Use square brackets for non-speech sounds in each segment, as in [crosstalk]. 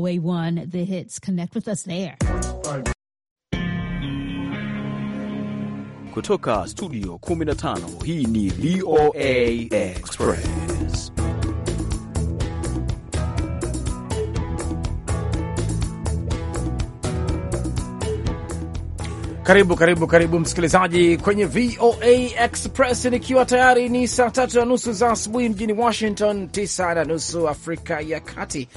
Way One The Hits. Connect with us there. Kutoka studio 15 hii ni VOA Express. Karibu karibu karibu msikilizaji kwenye VOA Express, nikiwa tayari ni saa tatu na nusu za asubuhi mjini Washington, tisa na nusu Afrika ya Kati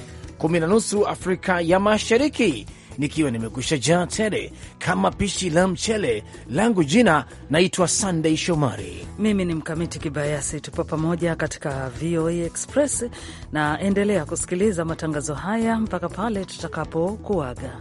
kumi na nusu Afrika ya Mashariki, nikiwa nimekusha jaa tele kama pishi la mchele langu. Jina naitwa Sunday Shomari, mimi ni mkamiti kibayasi. Tupo pamoja katika VOA Express na endelea kusikiliza matangazo haya mpaka pale tutakapokuaga.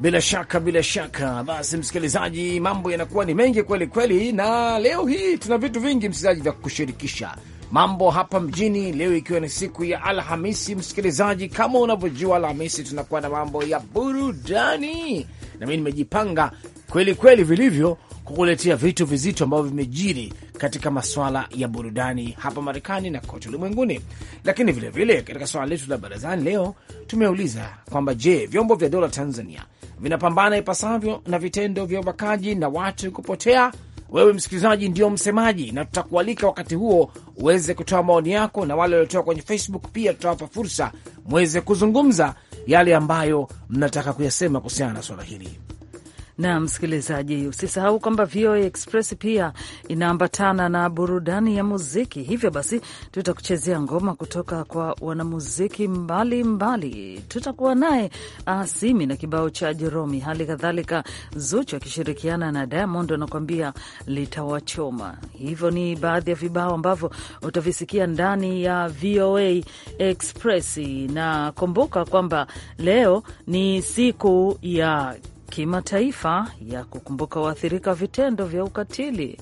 Bila shaka bila shaka, basi msikilizaji, mambo yanakuwa ni mengi kweli kweli, na leo hii tuna vitu vingi msikilizaji vya kushirikisha mambo hapa mjini leo, ikiwa ni siku ya Alhamisi. Msikilizaji, kama unavyojua, Alhamisi tunakuwa na mambo ya burudani, na mi nimejipanga kweli kweli vilivyo kukuletea vitu vizito ambavyo vimejiri katika maswala ya burudani hapa Marekani na kote ulimwenguni. Lakini vilevile vile, katika swala letu la barazani leo tumeuliza kwamba je, vyombo vya dola Tanzania vinapambana ipasavyo na vitendo vya ubakaji na watu kupotea wewe msikilizaji ndio msemaji, na tutakualika wakati huo uweze kutoa maoni yako, na wale waliotoka kwenye Facebook pia tutawapa fursa mweze kuzungumza yale ambayo mnataka kuyasema kuhusiana na swala hili na msikilizaji, usisahau kwamba VOA Express pia inaambatana na burudani ya muziki. Hivyo basi, tutakuchezea ngoma kutoka kwa wanamuziki mbalimbali. Tutakuwa naye Asimi na kibao cha Jeromi, hali kadhalika Zuchu akishirikiana na Diamond anakuambia litawachoma. Hivyo ni baadhi ya vibao ambavyo utavisikia ndani ya VOA Express, na kumbuka kwamba leo ni siku ya kimataifa ya kukumbuka waathirika vitendo vya ukatili.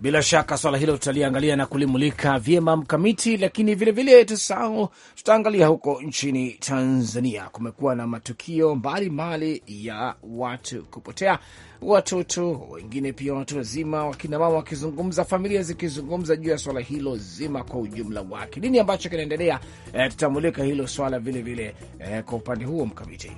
Bila shaka swala hilo tutaliangalia na kulimulika vyema Mkamiti, lakini vilevile tusahau, tutaangalia huko nchini Tanzania. Kumekuwa na matukio mbalimbali ya watu kupotea, watoto wengine pia watu wazima, wakinamama wakizungumza, familia zikizungumza juu ya swala hilo zima kwa ujumla wake. Nini ambacho kinaendelea? E, tutamulika hilo swala vilevile vile, e, kwa upande huo Mkamiti.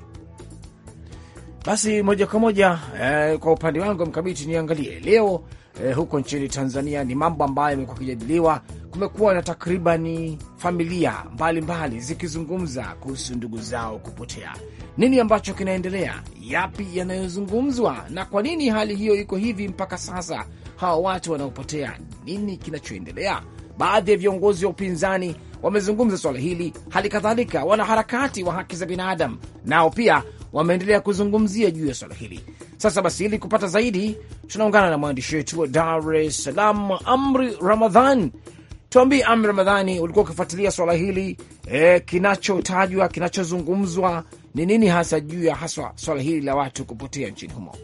Basi moja kwa moja eh, kwa upande wangu mkabiti niangalie leo eh, huko nchini Tanzania ni mambo ambayo yamekuwa kijadiliwa Kumekuwa na takribani familia mbalimbali mbali, zikizungumza kuhusu ndugu zao kupotea. Nini ambacho kinaendelea? Yapi yanayozungumzwa na kwa nini hali hiyo iko hivi mpaka sasa? Hawa watu wanaopotea, nini kinachoendelea? Baadhi ya viongozi wa upinzani wamezungumza swala hili, hali kadhalika wanaharakati wa haki za binadamu nao pia wameendelea kuzungumzia juu ya swala hili. Sasa basi, ili kupata zaidi, tunaungana na mwandishi wetu wa Dar es Salaam, Amri Ramadhan. Tuambie Amri Ramadhani, ulikuwa ukifuatilia swala hili e, kinachotajwa kinachozungumzwa ni nini hasa juu ya haswa swala hili la watu kupotea nchini humo?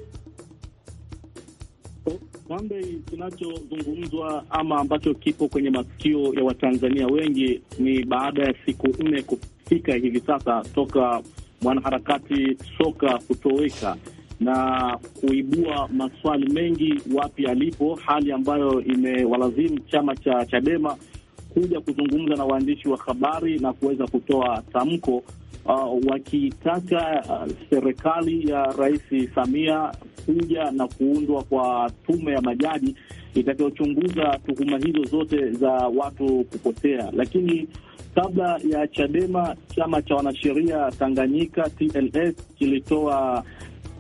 Kwambe, kinachozungumzwa ama ambacho kipo kwenye masikio ya Watanzania wengi ni baada ya siku nne kufika hivi sasa toka mwanaharakati soka kutoweka na kuibua maswali mengi, wapi alipo, hali ambayo imewalazimu chama cha Chadema kuja kuzungumza na waandishi wa habari na kuweza kutoa tamko uh, wakitaka uh, serikali ya Rais Samia kuja na kuundwa kwa tume ya majaji itakayochunguza tuhuma hizo zote za watu kupotea, lakini Kabla ya Chadema, chama cha wanasheria Tanganyika TLS kilitoa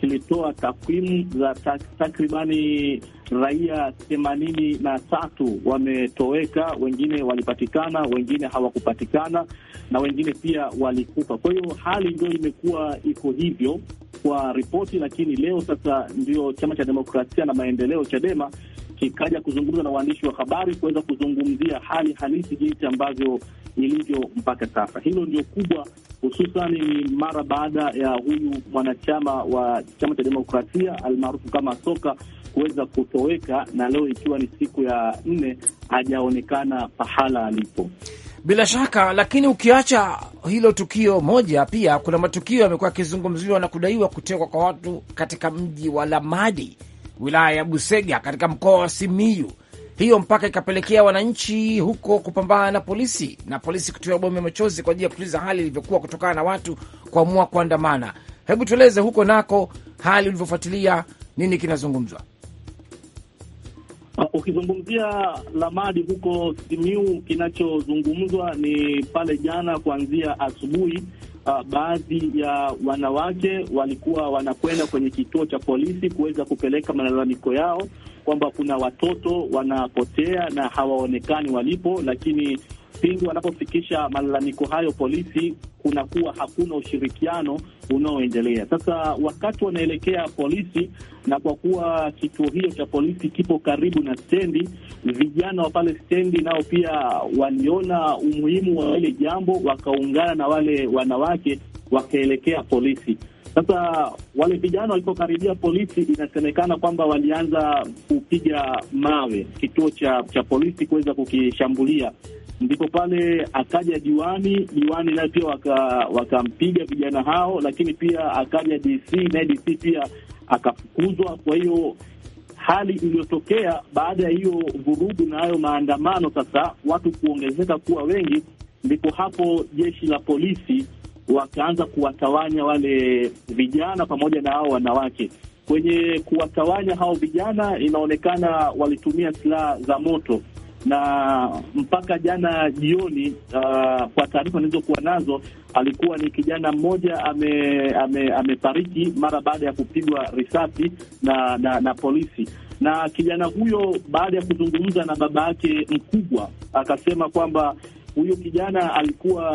kilitoa takwimu za tak, takribani raia themanini na tatu wametoweka, wengine walipatikana, wengine hawakupatikana na wengine pia walikufa. Kwa hiyo hali ndio imekuwa iko hivyo kwa ripoti, lakini leo sasa ndio chama cha demokrasia na maendeleo Chadema kikaja kuzungumza na waandishi wa habari kuweza kuzungumzia hali halisi jinsi ambavyo ilivyo mpaka sasa. Hilo ndio kubwa, hususan ni mara baada ya huyu mwanachama wa chama cha demokrasia almaarufu kama Soka kuweza kutoweka, na leo ikiwa ni siku ya nne hajaonekana pahala alipo. Bila shaka, lakini ukiacha hilo tukio moja, pia kuna matukio yamekuwa yakizungumziwa na kudaiwa kutekwa kwa watu katika mji wa Lamadi wilaya ya Busega katika mkoa wa Simiyu. Hiyo mpaka ikapelekea wananchi huko kupambana na polisi na polisi kutumia bomu ya machozi kwa ajili ya kutuliza hali ilivyokuwa kutokana na watu kuamua kuandamana. Hebu tueleze huko nako hali ulivyofuatilia, nini kinazungumzwa? Ah, ukizungumzia Lamadi huko Simiu, kinachozungumzwa ni pale jana kuanzia asubuhi uh, baadhi ya wanawake walikuwa wanakwenda kwenye kituo cha polisi kuweza kupeleka malalamiko yao kwamba kuna watoto wanapotea na hawaonekani walipo, lakini pindi wanapofikisha malalamiko hayo polisi, kunakuwa hakuna ushirikiano unaoendelea. Sasa wakati wanaelekea polisi, na kwa kuwa kituo hiyo cha polisi kipo karibu na stendi, vijana wa pale stendi nao pia waliona umuhimu wa ile jambo, wakaungana na wale wanawake wakaelekea polisi. Sasa wale vijana walipokaribia polisi, inasemekana kwamba walianza kupiga mawe kituo cha cha polisi kuweza kukishambulia, ndipo pale akaja diwani diwani naye pia wakampiga waka vijana hao, lakini pia akaja DC, naye DC pia akafukuzwa. Kwa hiyo hali iliyotokea baada ya hiyo vurugu na hayo maandamano, sasa watu kuongezeka kuwa wengi, ndipo hapo jeshi la polisi wakaanza kuwatawanya wale vijana pamoja na hao wanawake. Kwenye kuwatawanya hao vijana, inaonekana walitumia silaha za moto na mpaka jana jioni, uh, kwa taarifa nilizokuwa nazo, alikuwa ni kijana mmoja amefariki ame, ame mara baada ya kupigwa risasi na, na, na polisi na kijana huyo baada ya kuzungumza na baba yake mkubwa, akasema kwamba huyo kijana alikuwa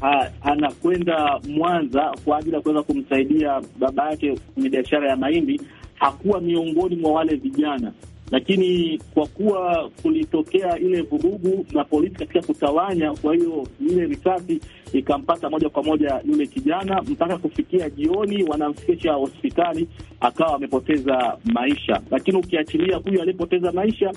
ha, anakwenda Mwanza kwa ajili ya kuweza kumsaidia baba yake kwenye biashara ya mahindi. Hakuwa miongoni mwa wale vijana lakini kwa kuwa kulitokea ile vurugu na polisi katika kutawanya, kwa hiyo ile risasi ikampata moja kwa moja yule kijana, mpaka kufikia jioni wanamfikisha hospitali, akawa amepoteza maisha. Lakini ukiachilia huyu aliyepoteza maisha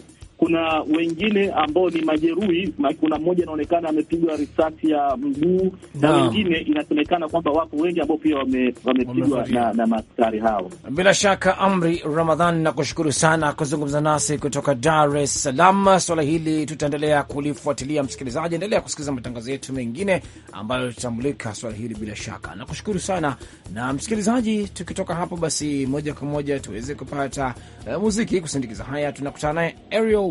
kuna wengine ambao ni majeruhi. Kuna mmoja anaonekana amepigwa risasi ya mguu na wengine inasemekana kwamba wako wengi ambao pia wamepigwa wame na, na maskari hao. Bila shaka, Amri Ramadhan, nakushukuru sana kuzungumza nasi kutoka Dar es Salaam. Swala hili tutaendelea kulifuatilia. Msikilizaji, endelea kusikiliza matangazo yetu mengine ambayo tutamulika swala hili bila shaka. Nakushukuru sana na msikilizaji, tukitoka hapo basi moja kwa moja tuweze kupata uh, muziki kusindikiza haya. Tunakutana naye Ariel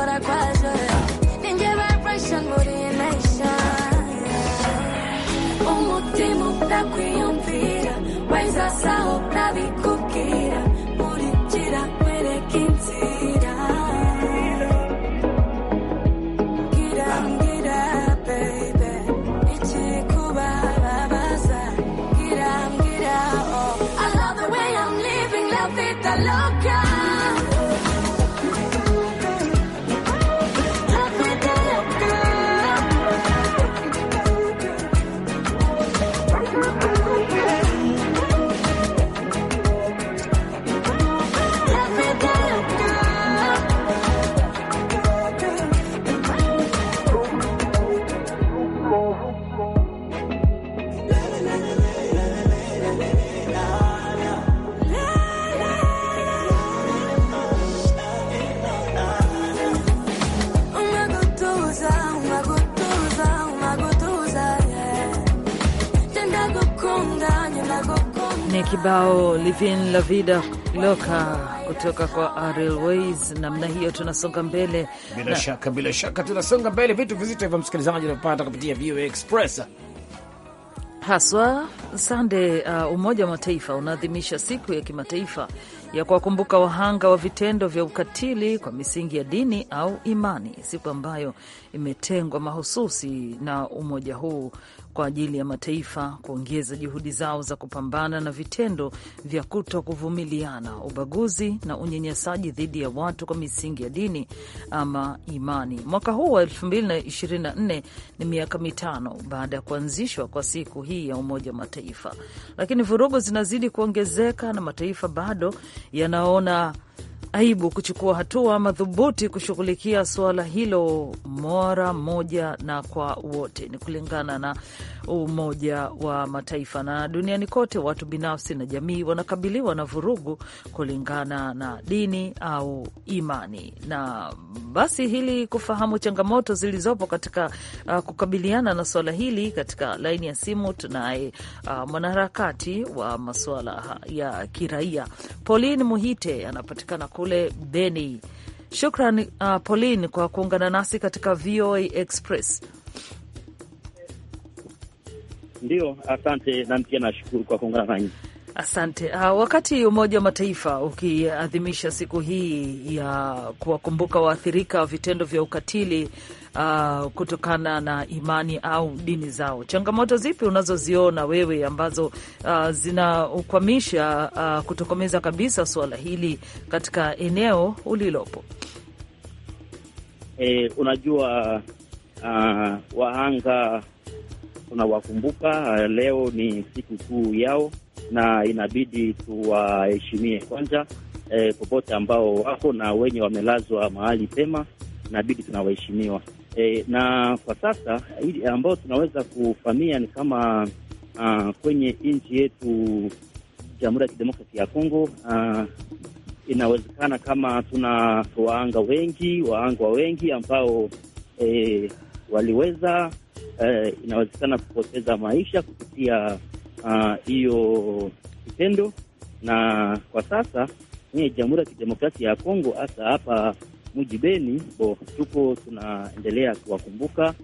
kwakwazo ningebabrashan muri nation umutima udakwiyumvira waiza kibao livin la vida loka kutoka kwa Ariel Ways. Namna hiyo tunasonga mbele bila na shaka, bila shaka tunasonga mbele, vitu vizito hivyo msikilizaji unapata kupitia VOA Express haswa sande. Uh, Umoja wa Mataifa unaadhimisha siku ya kimataifa ya kuwakumbuka wahanga wa vitendo vya ukatili kwa misingi ya dini au imani, siku ambayo imetengwa mahususi na umoja huu kwa ajili ya mataifa kuongeza juhudi zao za kupambana na vitendo vya kuto kuvumiliana, ubaguzi na unyanyasaji dhidi ya watu kwa misingi ya dini ama imani. Mwaka huu wa 2024 ni miaka mitano baada ya kuanzishwa kwa siku hii ya Umoja wa Mataifa, lakini vurugu zinazidi kuongezeka na mataifa bado yanaona aibu kuchukua hatua madhubuti kushughulikia suala hilo mara moja na kwa wote. Ni kulingana na Umoja wa Mataifa. Na duniani kote, watu binafsi na jamii wanakabiliwa na vurugu kulingana na dini au imani. Na basi, hili kufahamu changamoto zilizopo katika uh, kukabiliana na suala hili, katika laini ya simu tunaye uh, mwanaharakati wa masuala ya kiraia Pauline Muhite anapatikana kule Beni. Shukran uh, Pauline kwa kuungana nasi katika VOA Express. Ndio, asante. Nami pia nashukuru kwa kuungana nanyi. Asante. Uh, wakati Umoja wa Mataifa ukiadhimisha siku hii ya kuwakumbuka waathirika wa vitendo vya ukatili uh, kutokana na imani au dini zao, changamoto zipi unazoziona wewe ambazo uh, ah, zinakwamisha uh, kutokomeza kabisa suala hili katika eneo ulilopo? E, unajua uh, wahanga tunawakumbuka eh, leo. Ni siku kuu yao na inabidi tuwaheshimie kwanza, eh, popote ambao wako na wenye wamelazwa mahali pema, inabidi tunawaheshimiwa. E, na kwa sasa ambao tunaweza kufamia ni kama a, ah, kwenye nchi yetu Jamhuri ya Kidemokrasia ya Kongo a, ah, inawezekana kama tuna waanga wengi waangwa wengi ambao e, waliweza eh, inawezekana kupoteza maisha kupitia ah, hiyo uh, kitendo. Na kwa sasa ni Jamhuri ya Kidemokrasia ya Kongo, hasa hapa mji Beni, bo tuko tunaendelea kuwakumbuka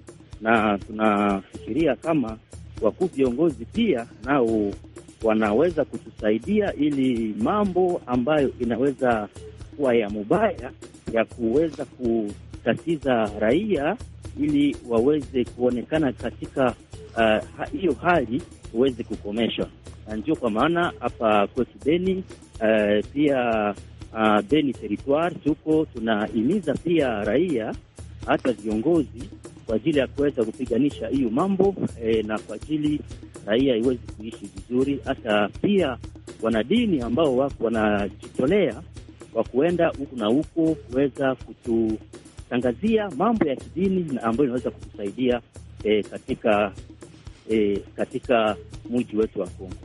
na tunafikiria kama wakuu viongozi pia nao wanaweza kutusaidia ili mambo ambayo inaweza kuwa ya mubaya ya kuweza kutatiza raia ili waweze kuonekana katika uh, hiyo uh, hali uweze kukomeshwa, na ndio kwa maana hapa kwetu Beni uh, pia uh, Beni territoire tuko tunahimiza pia raia hata viongozi kwa ajili ya kuweza kupiganisha hiyo mambo e, na kwa ajili raia iweze kuishi vizuri, hata pia wanadini ambao wako wanajitolea kwa kuenda huku na huko kuweza kutu tangazia mambo ya kidini na ambayo inaweza kutusaidia e, katika e, katika mji wetu wa Kongo.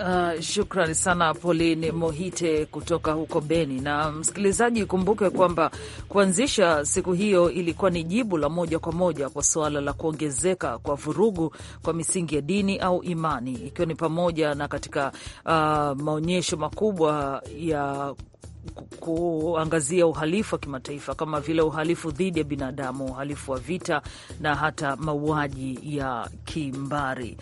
Uh, shukrani sana Pauline Mohite kutoka huko Beni. Na msikilizaji, kumbuke kwamba kuanzisha siku hiyo ilikuwa ni jibu la moja kwa moja kwa suala la kuongezeka kwa vurugu kwa misingi ya dini au imani, ikiwa ni pamoja na katika uh, maonyesho makubwa ya kuangazia uhalifu wa kimataifa kama vile uhalifu dhidi ya binadamu, uhalifu wa vita na hata mauaji ya kimbari.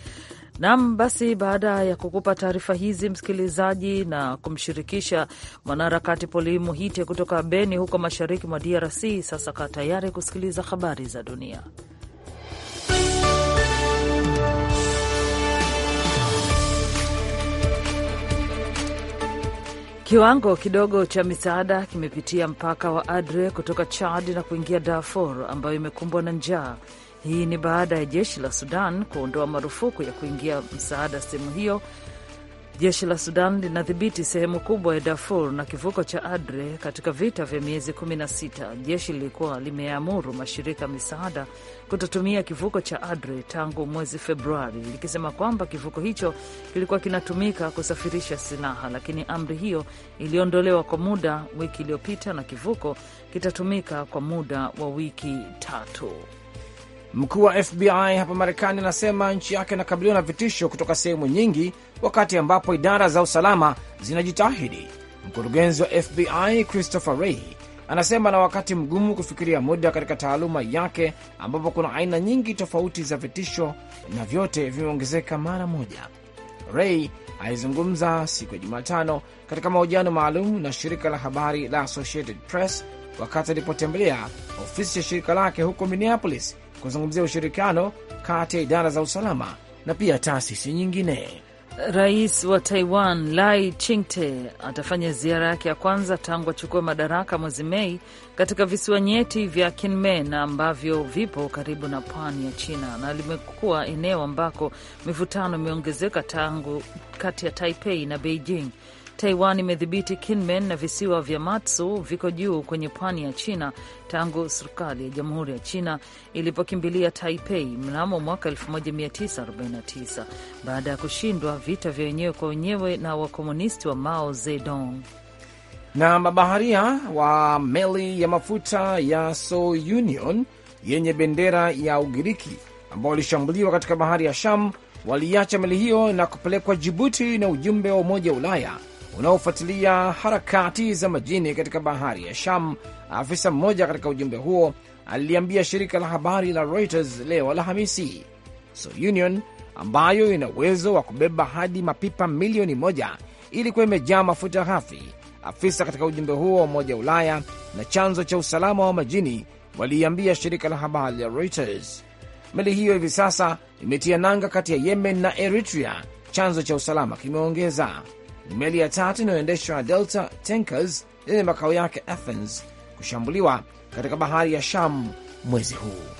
Nam, basi baada ya kukupa taarifa hizi msikilizaji, na kumshirikisha mwanaharakati Poli Muhite kutoka Beni huko mashariki mwa DRC, sasa kaa tayari kusikiliza habari za dunia. Kiwango kidogo cha misaada kimepitia mpaka wa Adre kutoka Chad na kuingia Darfur ambayo imekumbwa na njaa. Hii ni baada ya jeshi la Sudan kuondoa marufuku ya kuingia msaada sehemu hiyo Jeshi la Sudan linadhibiti sehemu kubwa ya Darfur na kivuko cha Adre katika vita vya miezi 16. Jeshi lilikuwa limeamuru mashirika ya misaada kutotumia kivuko cha Adre tangu mwezi Februari, likisema kwamba kivuko hicho kilikuwa kinatumika kusafirisha silaha, lakini amri hiyo iliondolewa kwa muda wiki iliyopita na kivuko kitatumika kwa muda wa wiki tatu. Mkuu wa FBI hapa Marekani anasema nchi yake inakabiliwa na vitisho kutoka sehemu nyingi, wakati ambapo idara za usalama zinajitahidi. Mkurugenzi wa FBI Christopher Wray anasema na wakati mgumu kufikiria muda katika taaluma yake, ambapo kuna aina nyingi tofauti za vitisho na vyote vimeongezeka mara moja. Ray alizungumza siku ya Jumatano katika mahojiano maalum na shirika la habari la Associated Press wakati alipotembelea ofisi ya shirika lake huko Minneapolis kuzungumzia ushirikiano kati ya idara za usalama na pia taasisi nyingine. Rais wa Taiwan Lai Ching-te atafanya ziara yake ya kwanza tangu achukua madaraka mwezi Mei katika visiwa nyeti vya Kinmen ambavyo vipo karibu na pwani ya China na limekuwa eneo ambako mivutano imeongezeka tangu kati ya Taipei na Beijing Taiwan imedhibiti Kinmen na visiwa vya Matsu viko juu kwenye pwani ya China tangu serikali ya jamhuri ya China ilipokimbilia Taipei mnamo mwaka 1949 baada ya kushindwa vita vya wenyewe kwa wenyewe na wakomunisti wa Mao Zedong. Na mabaharia wa meli ya mafuta ya Union yenye bendera ya Ugiriki ambao walishambuliwa katika bahari ya Sham waliacha meli hiyo na kupelekwa Jibuti na ujumbe wa Umoja wa Ulaya unaofuatilia harakati za majini katika bahari ya Sham. Afisa mmoja katika ujumbe huo aliliambia shirika la habari la Reuters leo Alhamisi. So Union ambayo ina uwezo wa kubeba hadi mapipa milioni moja ilikuwa imejaa mafuta ghafi. Afisa katika ujumbe huo wa Umoja wa Ulaya na chanzo cha usalama wa majini waliiambia shirika la habari la Reuters meli hiyo hivi sasa imetia nanga kati ya Yemen na Eritrea, chanzo cha usalama kimeongeza ni meli ya tatu inayoendeshwa Delta Tankers yenye makao yake Athens kushambuliwa katika bahari ya Sham mwezi huu.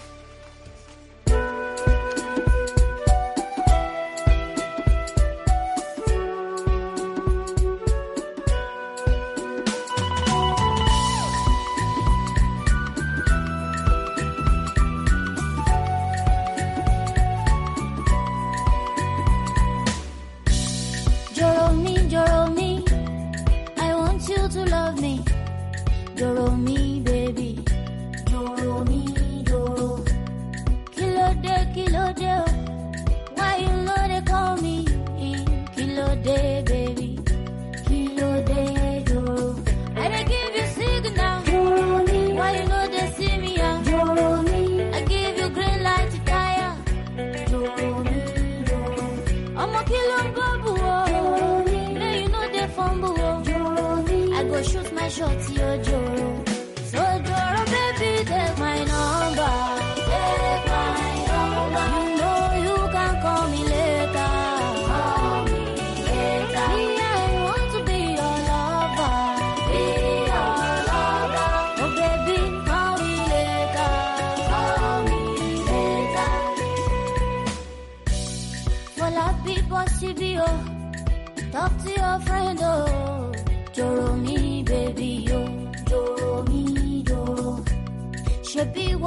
your oh, journée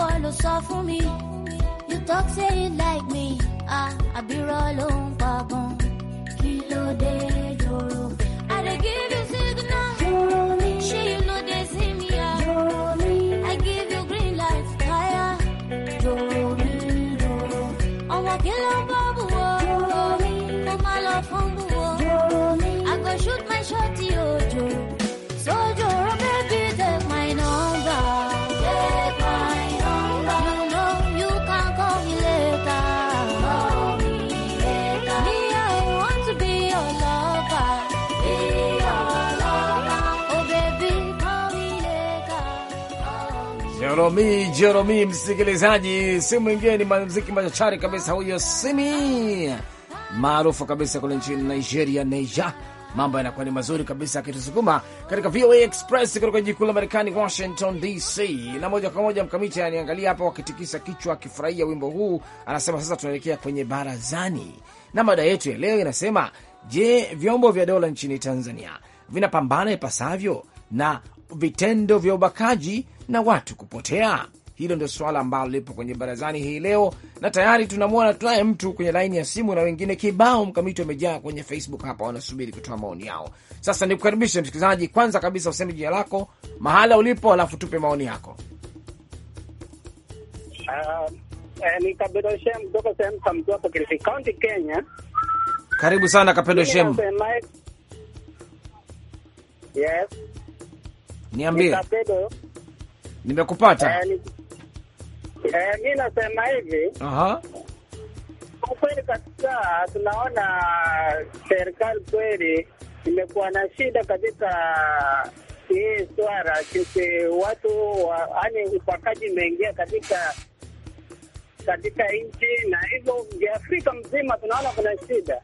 ìwọ ló sọ fún mi. You talk say you like me, ah, I be rolling pa gan. Kí ló Jeromi, Jeromi msikilizaji, si mwingine ni mwanamuziki machachari kabisa huyo Simi, maarufu kabisa kule nchini Nigeria, Naija. Mambo yanakuwa ni mazuri kabisa akitusukuma katika VOA Express kutoka jiji kuu la Marekani, Washington DC. Na moja kwa moja Mkamiti ananiangalia hapa wakitikisa kichwa akifurahia wimbo huu, anasema sasa tunaelekea kwenye barazani, na mada yetu ya leo inasema je, vyombo vya dola nchini Tanzania vinapambana ipasavyo na vitendo vya ubakaji na watu kupotea? Hilo ndio swala ambalo lipo kwenye barazani hii leo, na tayari tunamwona, tunaye mtu kwenye laini ya simu na wengine kibao mkamiti wamejaa kwenye Facebook hapa, wanasubiri kutoa maoni yao. Sasa nikukaribishe msikilizaji, kwanza kabisa useme jina lako, mahala ulipo, alafu tupe maoni yako. Uh, eh, ni Shem kutoka sehemu za Kilifi County, Kenya. Karibu sana Kabedo Shem. Yes, niambie Nimekupata. Eh, eh, mi nasema hivi kweli kabisa, tunaona serikali kweli imekuwa na shida katika hii swara, watu yaani upakaji imeingia katika katika nchi, na hivyo Afrika mzima tunaona kuna shida.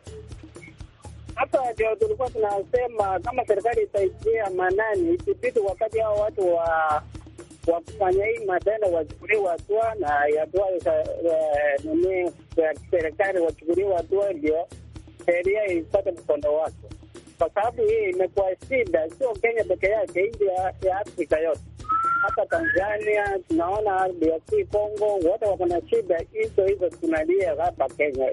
Hapa ndio tulikuwa tunasema kama serikali itaitia manani, isipiti wakati hao watu wa wakufanya hii matendo wachukuliwa hatua na yatua eh, nini ya serikali wachukuliwa hatua, ndio sheria ipate mkondo wake, kwa sababu hii imekuwa shida, sio Kenya peke yake, nchi ya Afrika yote, hata Tanzania tunaona, DRC Congo, wote wako na shida hizo hizo tunalia hapa Kenya.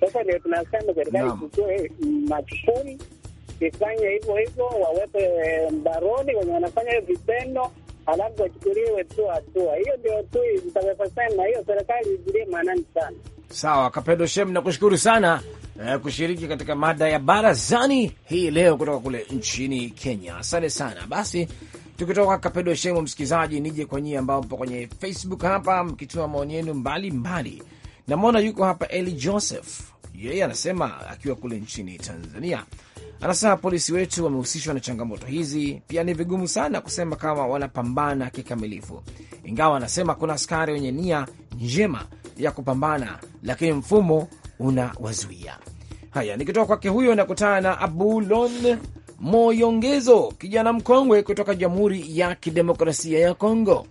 Sasa ndio tunasema serikali ichukue majukumu ifanye hivyo hivyo, wawepe eh, mbaroni wenye wanafanya hiyo vitendo alafu achukuliwe tu hatua. Hiyo ndio tu mtakasema, hiyo serikali ijulie maanani sana. Sawa, Kapedo Shem, nakushukuru sana eh, kushiriki katika mada ya barazani hii leo kutoka kule nchini Kenya. Asante sana. Basi tukitoka Kapedo Shem, msikilizaji, nije kwa nyie ambao mpo kwenye Facebook hapa mkituma maoni yenu mbalimbali. Namwona yuko hapa Eli Joseph, yeye anasema akiwa kule nchini Tanzania, Anasema polisi wetu wamehusishwa na changamoto hizi, pia ni vigumu sana kusema kama wanapambana kikamilifu, ingawa anasema kuna askari wenye nia njema ya kupambana, lakini mfumo unawazuia. Haya, nikitoka kwake huyo nakutana na Abulon Moyongezo, kijana mkongwe kutoka Jamhuri ya Kidemokrasia ya Kongo.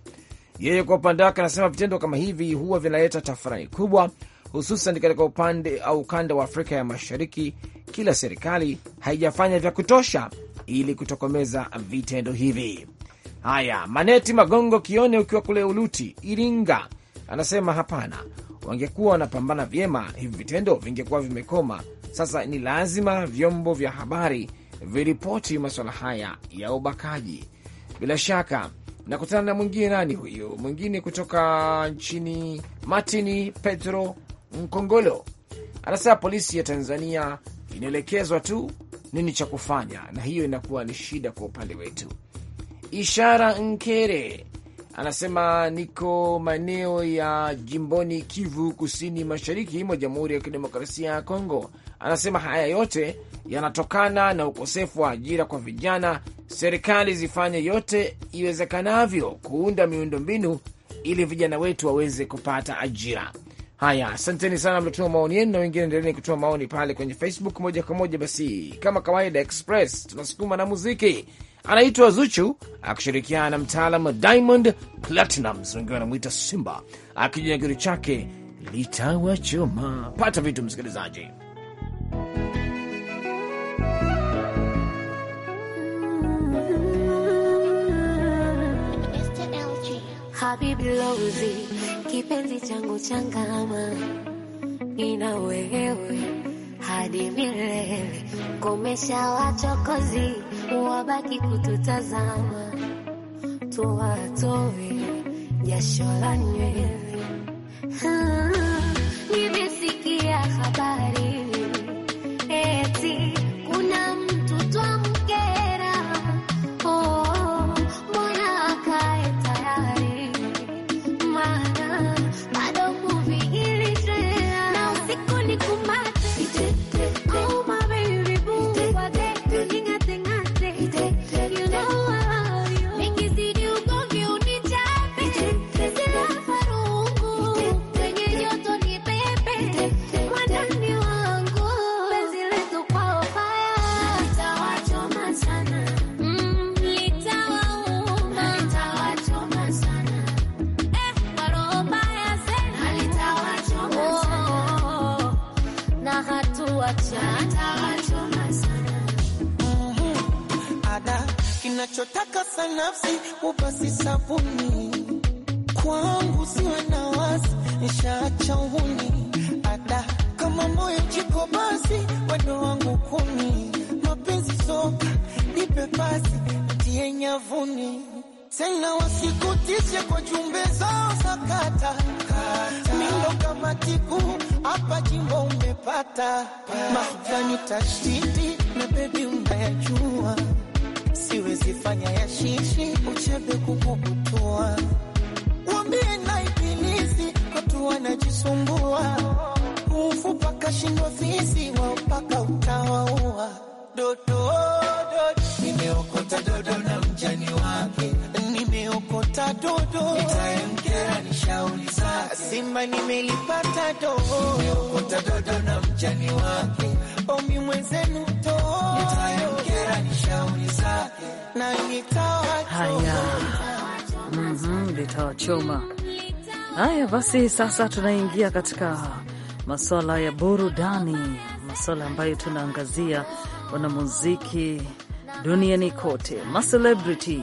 Yeye kwa upande wake anasema vitendo kama hivi huwa vinaleta tafurani kubwa hususan katika upande au ukanda wa Afrika ya Mashariki, kila serikali haijafanya vya kutosha ili kutokomeza vitendo hivi. Haya, Maneti Magongo Kione, ukiwa kule Uluti, Iringa, anasema hapana, wangekuwa wanapambana vyema, hivi vitendo vingekuwa vimekoma. Sasa ni lazima vyombo vya habari viripoti masuala haya ya ubakaji. Bila shaka nakutana na mwingine, nani huyu mwingine kutoka nchini, Martini Petro Mkongolo anasema polisi ya Tanzania inaelekezwa tu nini cha kufanya, na hiyo inakuwa ni shida kwa upande wetu. Ishara Nkere anasema niko maeneo ya jimboni Kivu Kusini, mashariki mwa Jamhuri ya Kidemokrasia ya Kongo. Anasema haya yote yanatokana na ukosefu wa ajira kwa vijana. Serikali zifanye yote iwezekanavyo kuunda miundombinu ili vijana wetu waweze kupata ajira. Haya, asanteni sana mliotuma maoni yenu, na wengine endeleeni kutuma maoni pale kwenye Facebook moja kwa moja. Basi kama kawaida, Express tunasukuma na muziki. Anaitwa Zuchu akishirikiana na mtaalamu Diamond Platnumz, wengine wanamwita Simba, akijina kitu chake litawachoma. Pata vitu msikilizaji. Habibi Lozi, kipenzi changu changama, ina wewe hadi milele. Komesha wachokozi, wabaki kututazama, tuwatoe jasho la nywele nafsi upasi sabuni niweze kukukutoa, wambie na ibilisi watu wanajisumbua, ufu paka shindo sisi wa mpaka utawaua. Dodo nimeokota dodo na mjani wake, nimeokota dodo nitaemkera ni shauri zake, simba nimelipata dodo, nimeokota dodo na mjani wake, omi mwenzenu to Haya, mhm, Haya basi, sasa tunaingia katika masuala ya burudani, masuala ambayo tunaangazia wanamuziki duniani kote, macelebrity,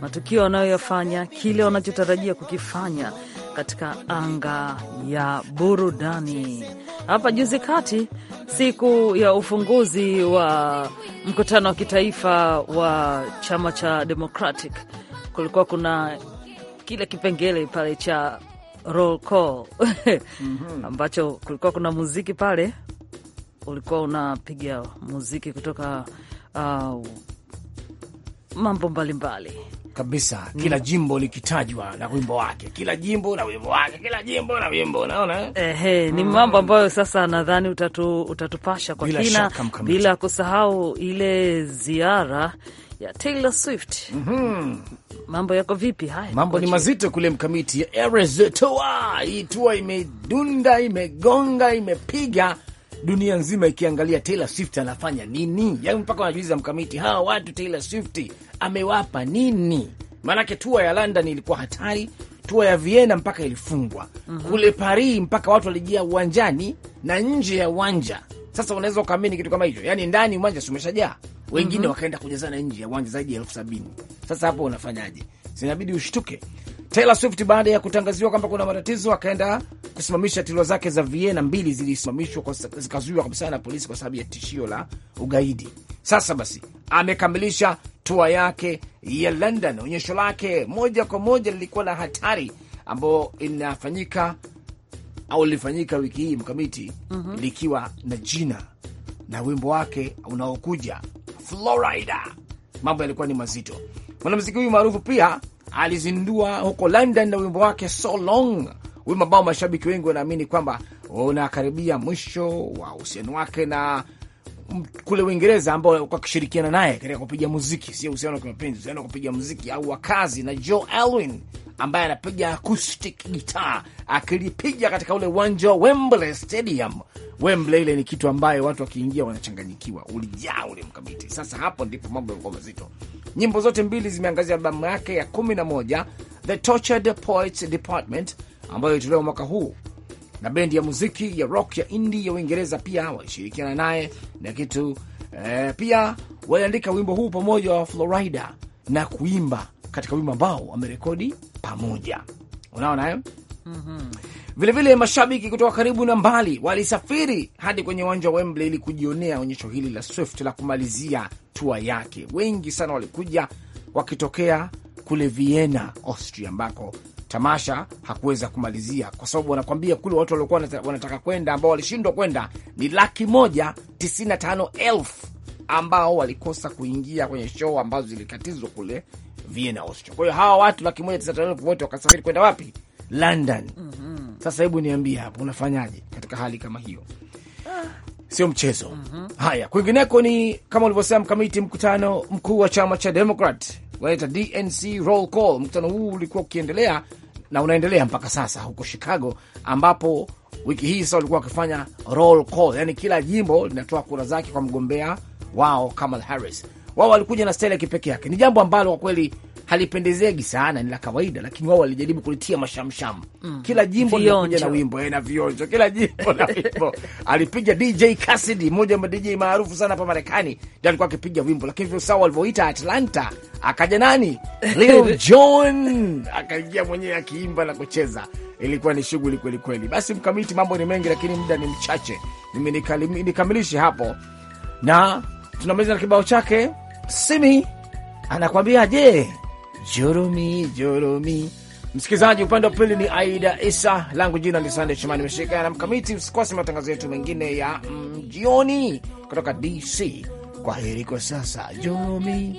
matukio wanayoyafanya, kile wanachotarajia kukifanya katika anga ya burudani hapa juzi kati, siku ya ufunguzi wa mkutano wa kitaifa wa chama cha Democratic, kulikuwa kuna kile kipengele pale cha roll call [laughs] mhm. ambacho kulikuwa kuna muziki pale, ulikuwa unapiga muziki kutoka uh, mambo mbalimbali mbali kabisa, kila mm. jimbo likitajwa na wimbo wake, kila jimbo na wimbo wake, kila jimbo na wimbo. Unaona hey, ni mm. mambo ambayo sasa nadhani utatu, utatupasha kwa bila kina, bila kusahau ile ziara ya Taylor Swift. Mm -hmm. Mambo yako vipi? Haya, mambo ni mazito kule mkamiti ya Eras Tour. Hii tour imedunda, imegonga, imepiga dunia nzima ikiangalia Taylor Swift anafanya nini, yaani mpaka wanajuliza mkamiti, hawa watu Taylor Swift amewapa nini? Maanake tua ya London ilikuwa hatari, tua ya Vienna mpaka ilifungwa. mm -hmm. Kule Paris mpaka watu walijia uwanjani na nje ya uwanja. Sasa unaweza ukaamini kitu kama hicho? Yaani ndani uwanja si wengine mm -hmm. wakaenda kujazana nje ya uwanja zaidi ya elfu sabini. Sasa hapo unafanyaje? Zinabidi ushtuke. Taylor Swift baada ya kutangaziwa kwamba kuna matatizo, akaenda kusimamisha tilo zake za Vienna, mbili zilisimamishwa zikazuiwa kabisa na polisi kwa sababu ya tishio la ugaidi. Sasa basi amekamilisha tua yake ya London. Onyesho lake moja kwa moja lilikuwa na hatari ambayo inafanyika au lilifanyika wiki hii mkamiti, mm -hmm. likiwa na jina na wimbo wake unaokuja Florida. Mambo yalikuwa ni mazito. Mwanamuziki huyu maarufu pia alizindua huko London na wimbo wake So Long, wimbo ambao mashabiki wengi wanaamini kwamba unakaribia mwisho wa uhusiano wake na kule Uingereza ambao alikuwa akishirikiana naye katika kupiga muziki, sio uhusiano wa kimapenzi, uhusiano wa kupiga muziki au wakazi, na Joe Alwyn ambaye anapiga acoustic guitar akilipiga katika ule uwanja wa Wembley Stadium. Wembley ile ni kitu ambayo watu wakiingia wanachanganyikiwa, ulijaa ule mkamiti. Sasa hapo ndipo mambo yalikuwa mazito. Nyimbo zote mbili zimeangazia albamu yake ya 11 The Tortured Poets Department ambayo ilitolewa mwaka huu na bendi ya muziki ya rock ya indie ya Uingereza pia walishirikiana naye na kitu eh. Pia waliandika wimbo huu pamoja wa Florida na kuimba katika wimbo ambao wamerekodi pamoja, unaona hayo mm -hmm. Vilevile mashabiki kutoka karibu na mbali walisafiri hadi kwenye uwanja wa Wembley ili kujionea onyesho hili la Swift la kumalizia tua yake. Wengi sana walikuja wakitokea kule Vienna, Austria, ambako tamasha hakuweza kumalizia kwa sababu wanakwambia kule watu waliokuwa wanataka kwenda ambao walishindwa kwenda ni laki moja tisini na tano elfu ambao walikosa kuingia kwenye show ambazo zilikatizwa kule Vienna, Austria. Kwa hiyo hawa watu laki moja tisini na tano elfu wote wakasafiri kwenda wapi? London. Mm. Sasa hebu niambie hapo, unafanyaje katika hali kama hiyo? Ah. Sio mchezo. mm -hmm. Haya, kwingineko ni kama ulivyosema mkamiti, mkutano mkuu wa chama cha Democrat wanaita DNC roll call. Mkutano huu ulikuwa ukiendelea na unaendelea mpaka sasa huko Chicago, ambapo wiki hii sasa walikuwa wakifanya roll call, yani kila jimbo linatoa kura zake kwa mgombea wao Kamala Harris. Wao walikuja na stele ya kipekee yake, ni jambo ambalo kwa kweli halipendezegi sana, ni la kawaida, lakini wao walijaribu kulitia mashamsham. Mm. Kila jimbo linakuja na wimbo eh, na vionjo, kila jimbo na wimbo. [laughs] Alipiga DJ Cassidy, mmoja wa DJ maarufu sana hapa Marekani, ndio alikuwa akipiga wimbo, lakini hivyo sawa walivyoita Atlanta, akaja nani? [laughs] Lil John akaingia mwenyewe akiimba na kucheza. Ilikuwa ni shughuli kweli kweli. Basi mkamiti, mambo ni mengi, lakini muda ni mchache, nikamilishe hapo na tunamaliza na kibao chake Simi anakwambia je Joromi Joromi. Msikilizaji upande wa pili ni Aida Isa, langu jina ni Sande shumani meshirikiana na Mkamiti. Usikose matangazo yetu mengine ya mjioni mm, kutoka DC. Kwa heri kwa sasa, Joromi.